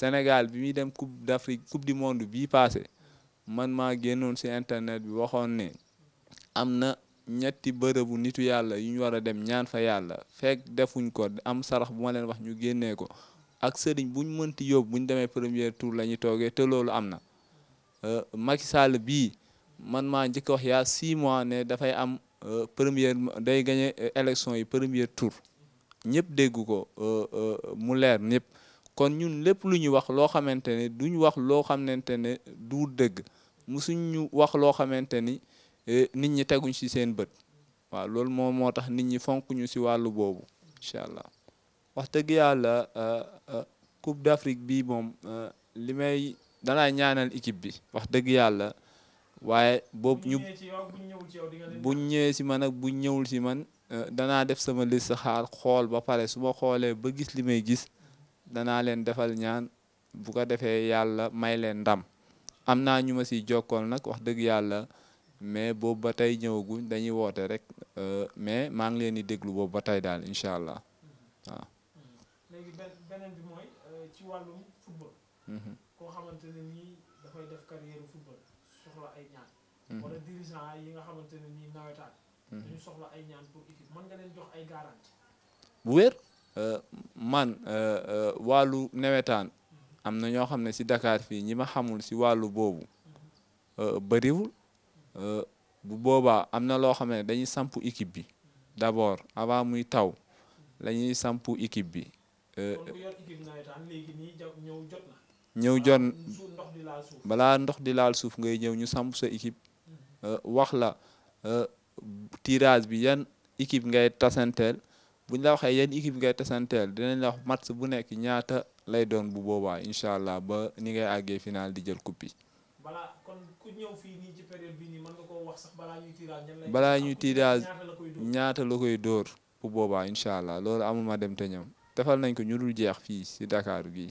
Sénégal bi muy dem coupe d'Afrique coupe du monde bii passé man maa génnoon ci internet bi waxoon ne am na ñetti bërëbu nitu yàlla yu ñu war a dem ñaan fa yàlla fekk defuñ ko am sarax bu ma leen wax ñu génnee ko ak sëriñ buñ mënti yóbbu buñ demee premier tour la ñuy toogee te loolu am na euh, Macky Sall bii man maa njëkk wax yaa six mois ne dafay am euh, première day gagné euh, élection yi premier tour ñëpp dégg ko mu leer ñëpp kon ñun lépp lu ñu wax loo xamante ne duñ wax loo xamante ne du dëgg musuñ ñu wax loo xamante ni eh, nit ñi teguñ si seen bët waaw loolu moom moo tax nit ñi fonk ñu ci wàllu boobu incha allah wax dëgg yàlla eh, eh, Coupe d'Afrique bi moom li may danaa ñaanal équipe bi wax dëgg yàlla waaye boobu ñu buñ ñëwee si man ak buñ ñëwul si man danaa def sama liste xaar xool ba pare su ma xoolee ba gis li may gis danaa leen defal ñaan bu ko defee yàlla may leen ndam am naa ñu ma si jokkool nag wax dëgg yàlla mais boobu ba tey ñëwaguñ dañuy woote rek euh, mais maa ngi leen di déglu boobu ba tey daal incha allah waaw. léegi beneen bi mooy euh, ci wàllum football. Mhm. koo xamante nii dafay def carrière football soxla ay ñaan. Mhm. wala dirigeant yi nga xamante nii nawetaan. Mhm. dañu soxla ay ñaan pour équipe mën nga leen jox ay garantie. bu wér. Euh, man euh, euh, wàllu nawetaan am na ñoo xam ne si Dakar fii ñi ma xamul si wàllu boobu bëriwul bu boobaa am na loo xam ne dañuy sampu équipe bi d'abord avant muy taw la sampu samp équipe bi. ñëw jot balaa ndox di laal suuf ngay ñëw ñu samp sa équipe mm-hmm. wax la tirage bi yan équipe ngay tasanteel. bu ñu la waxee yéen équipe ngay tesanteel dinañ la wax match bu nekk ñaata lay doon bu boobaa incha allah ba ni ngay àggee finaal di jël coupe yi. balaa kon ku ñaata la koy dóor bu boobaa incha allah loolu amul ma dem te ñam defal nañ ko ñu dul jeex fii si dakaaru gi